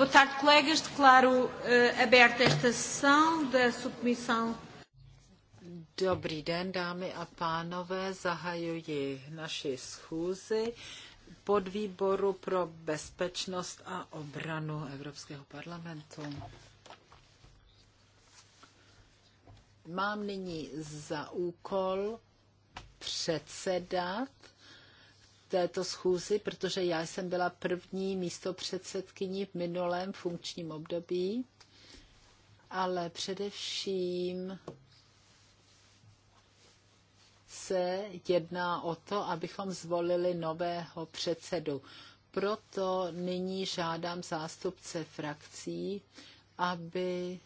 Boa tarde, colegas. Declaro uh, aberta esta sessão da submissão. Dobrý den, dámy a pánové. Zahajuji naši schůzi podvýboru pro bezpečnost a obranu Evropského parlamentu. Mám nyní za úkol předsedat této schůzi, protože já jsem byla první místo předsedkyní v minulém funkčním období, ale především se jedná o to, abychom zvolili nového předsedu. Proto nyní žádám zástupce frakcí, aby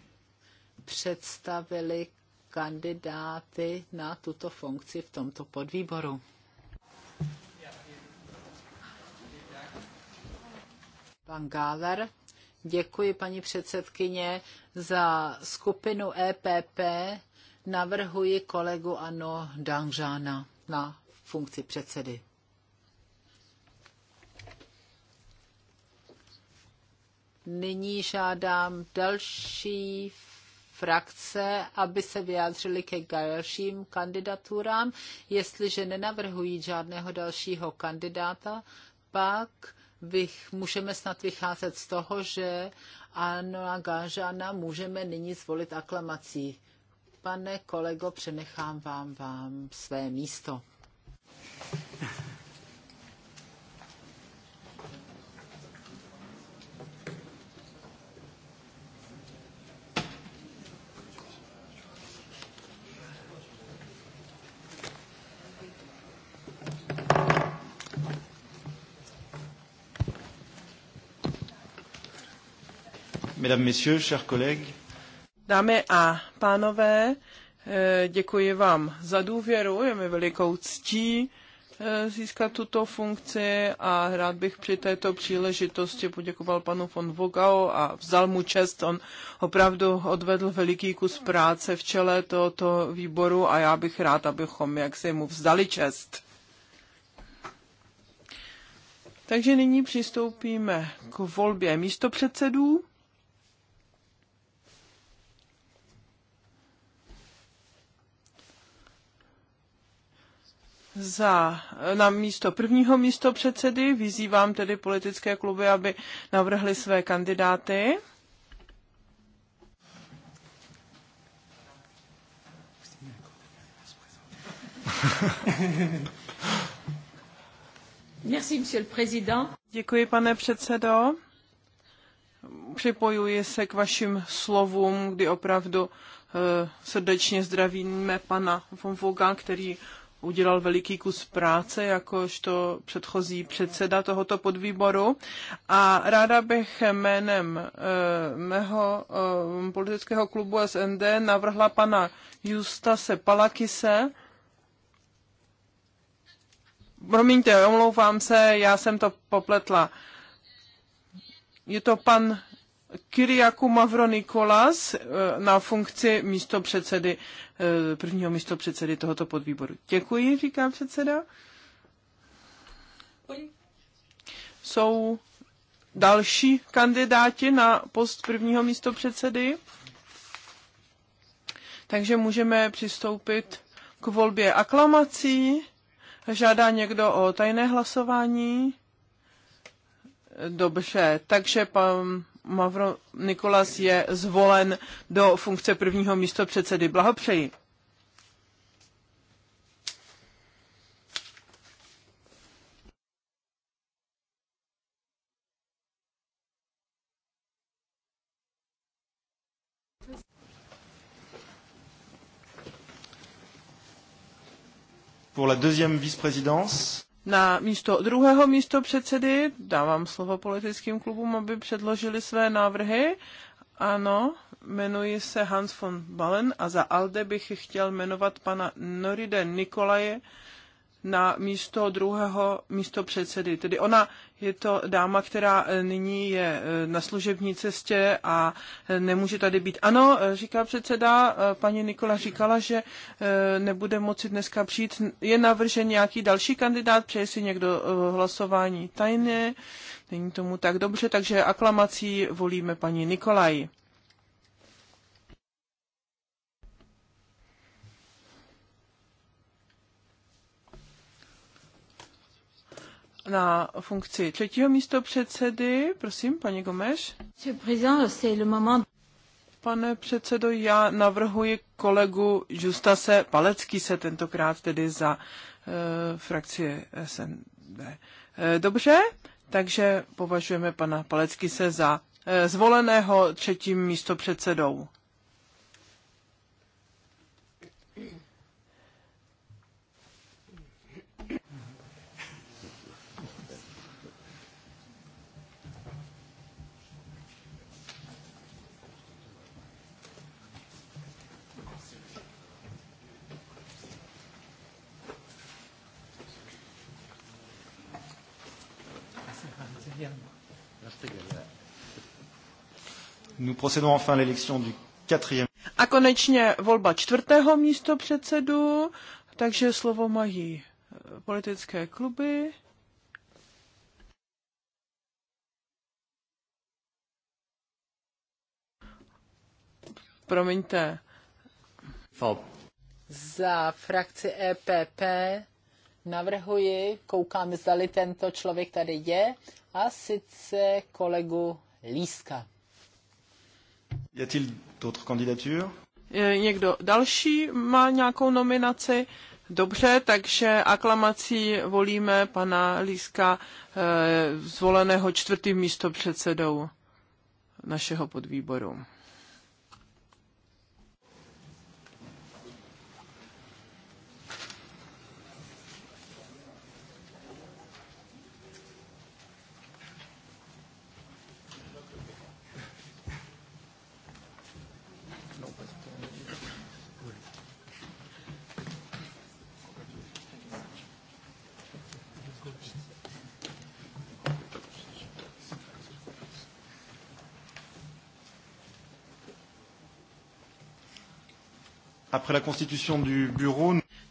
představili kandidáty na tuto funkci v tomto podvýboru. Pan Gáler. Děkuji, paní předsedkyně, za skupinu EPP. Navrhuji kolegu Ano Danžána na funkci předsedy. Nyní žádám další frakce, aby se vyjádřili ke dalším kandidaturám. Jestliže nenavrhují žádného dalšího kandidáta, pak bych, můžeme snad vycházet z toho, že Anna Gážana můžeme nyní zvolit aklamací. Pane kolego, přenechám vám, vám své místo. mesdames, messieurs, chers collègues. Dámy a pánové, eh, děkuji vám za důvěru, je mi velikou ctí eh, získat tuto funkci a rád bych při této příležitosti poděkoval panu von Vogao a vzal mu čest. On opravdu odvedl veliký kus práce v čele tohoto výboru a já bych rád, abychom jak se mu vzdali čest. Takže nyní přistoupíme k volbě místopředsedů. za, na místo prvního místo předsedy. Vyzývám tedy politické kluby, aby navrhly své kandidáty. Merci, monsieur le président. Děkuji, pane předsedo. Připojuji se k vašim slovům, kdy opravdu eh, srdečně zdravíme pana Vonvoga, který udělal veliký kus práce jakožto předchozí předseda tohoto podvýboru a ráda bych jménem eh, mého eh, politického klubu SND navrhla pana Justase Palakise, Promiňte, omlouvám se, já jsem to popletla. Je to pan Kyriaku Mavro eh, na funkci místo předsedy, eh, prvního místo předsedy tohoto podvýboru. Děkuji, říká předseda. Jsou další kandidáti na post prvního místo předsedy. Takže můžeme přistoupit k volbě aklamací. Žádá někdo o tajné hlasování? Dobře, takže pan Mavro Nikolas je zvolen do funkce prvního místo předsedy. Blahopřeji. Pour la deuxième vice-présidence na místo druhého místo předsedy. Dávám slovo politickým klubům, aby předložili své návrhy. Ano, jmenuji se Hans von Balen a za ALDE bych chtěl jmenovat pana Noride Nikolaje, na místo druhého místo předsedy. Tedy ona je to dáma, která eh, nyní je eh, na služební cestě a eh, nemůže tady být. Ano, říká předseda, paní Nikola říkala, že nebude moci dneska přijít. Je navržen nějaký další kandidát, přeje si někdo hlasování tajné. Není tomu tak dobře, takže aklamací volíme paní Nikolaj. na funkci třetího místo předsedy. Prosím, paní Gomeš. Pane předsedo, já navrhuji kolegu Justase Palecký se tentokrát tedy za e, frakci SND. E, eh, dobře, takže považujeme pana Palecký se za e, zvoleného třetím místopředsedou. Nous procédons enfin à l'élection du quatrième. A konečně volba čtvrtého místo předsedu, takže slovo mají eh, politické kluby. Promiňte. Fob. Za frakci EPP navrhuji, koukám, zda tento člověk tady je, a sice kolegu Líska. Y a-t-il d'autres candidatures? E, někdo další má nějakou nominaci? Dobře, takže aklamací volíme pana Líska, e, zvoleného čtvrtým místopředsedou našeho podvýboru.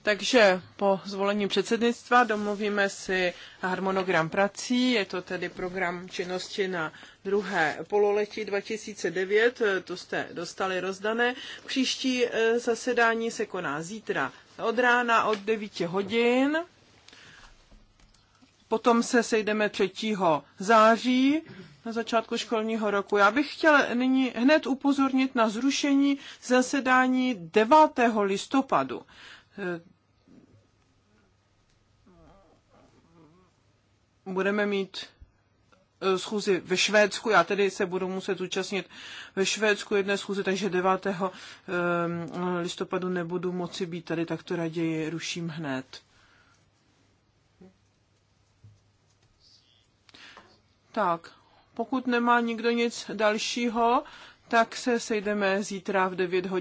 Takže po zvolení předsednictva domluvíme si harmonogram prací, je to tedy program činnosti na druhé pololetí 2009, to jste dostali rozdané. Příští eh, zasedání se koná zítra od rána od 9 hodin. Potom se sejdeme 3. září na začátku školního roku. Já bych chtěl nyní hned upozornit na zrušení zasedání 9. listopadu. Budeme mít eh, schůzi ve Švédsku, já tedy se budu muset účastnit ve Švédsku jedné schůzi, takže 9. Eh, listopadu nebudu moci být tady, tak to raději ruším hned. Tak, pokud nemá nikdo nic dalšího, tak se sejdeme zítra v 9 hodin.